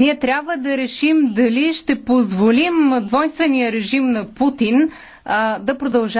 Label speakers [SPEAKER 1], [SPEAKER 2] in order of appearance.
[SPEAKER 1] Ние трябва да решим дали ще позволим двойствения режим на Путин а, да продължава.